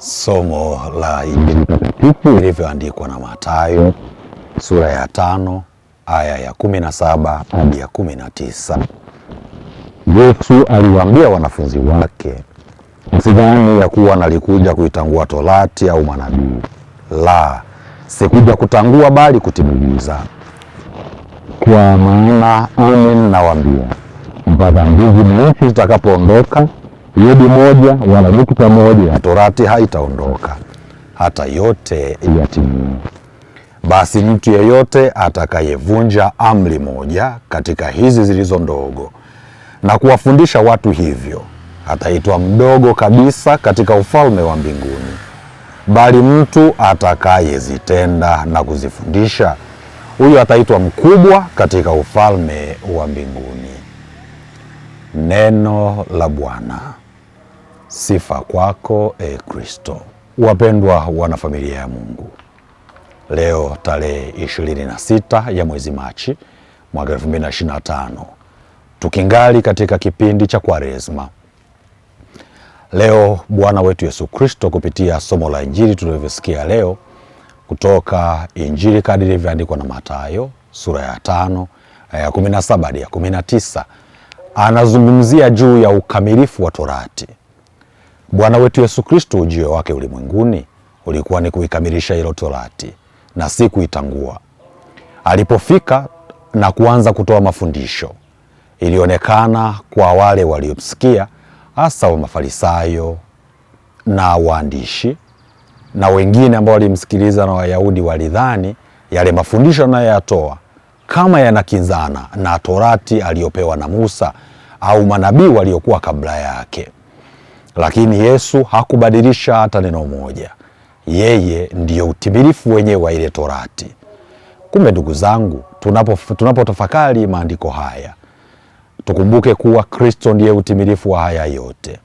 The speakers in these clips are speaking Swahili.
Somo la Injili takatifu ilivyoandikwa na Mathayo sura ya tano aya ya kumi na saba hadi ya kumi na tisa. Yesu aliwaambia wanafunzi wake, msidhani ya kuwa nalikuja kuitangua torati au manabii, la, sikuja kutangua bali kutimiliza. Kwa maana amin nawaambia, mpaka mbingu na nchi zitakapoondoka yodi moja wala nukta moja torati haitaondoka hata yote yatimie. Basi mtu yeyote atakayevunja amri moja katika hizi zilizo ndogo na kuwafundisha watu hivyo, ataitwa mdogo kabisa katika ufalme wa mbinguni, bali mtu atakayezitenda na kuzifundisha, huyo ataitwa mkubwa katika ufalme wa mbinguni. Neno la Bwana. Sifa kwako e Kristo. Wapendwa wanafamilia ya Mungu, leo tarehe 26 ya mwezi Machi mwaka 2025 tukingali katika kipindi cha Kwaresma. Leo Bwana wetu Yesu Kristo kupitia somo la Injili tulivyosikia leo kutoka Injili kadiri ilivyoandikwa na Mathayo sura ya tano ya 17 hadi ya 19 anazungumzia juu ya ukamilifu wa Torati Bwana wetu Yesu Kristo ujio wake ulimwenguni ulikuwa ni kuikamilisha hilo torati na si kuitangua. Alipofika na kuanza kutoa mafundisho, ilionekana kwa wale waliomsikia, hasa wa Mafarisayo na waandishi na wengine ambao walimsikiliza na Wayahudi, walidhani yale mafundisho anayoyatoa kama yanakinzana na torati aliyopewa na Musa au manabii waliokuwa kabla yake lakini Yesu hakubadilisha hata neno moja. Yeye ndiyo utimilifu wenyewe wa ile Torati. Kumbe ndugu zangu, tunapotafakari tunapo maandiko haya tukumbuke kuwa Kristo ndiye utimilifu wa haya yote.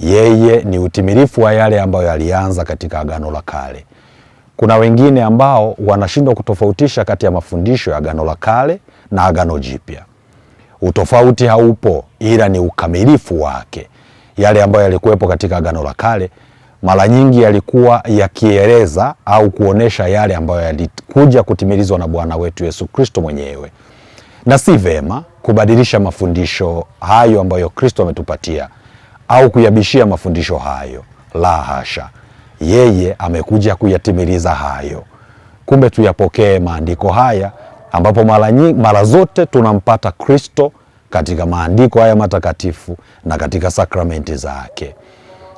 Yeye ni utimilifu wa yale ambayo yalianza katika Agano la Kale. Kuna wengine ambao wanashindwa kutofautisha kati ya mafundisho ya Agano la Kale na Agano Jipya. Utofauti haupo, ila ni ukamilifu wake yale ambayo yalikuwepo katika Agano la Kale mara nyingi yalikuwa yakieleza au kuonesha yale ambayo yalikuja kutimilizwa na Bwana wetu Yesu Kristo mwenyewe, na si vema kubadilisha mafundisho hayo ambayo Kristo ametupatia au kuyabishia mafundisho hayo. La hasha, yeye amekuja kuyatimiliza hayo. Kumbe tuyapokee maandiko haya, ambapo mara zote tunampata Kristo katika maandiko haya matakatifu na katika sakramenti zake.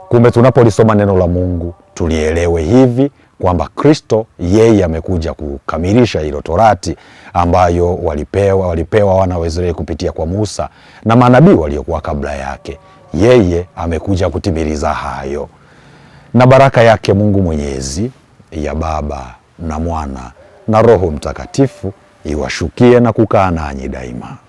Kumbe tunapolisoma neno la Mungu tulielewe hivi kwamba Kristo yeye amekuja kukamilisha hilo torati ambayo walipewa, walipewa wana wa Israeli kupitia kwa Musa na manabii waliokuwa kabla yake. Yeye amekuja kutimiliza hayo, na baraka yake Mungu Mwenyezi ya Baba na Mwana na Roho Mtakatifu iwashukie na kukaa nanyi daima.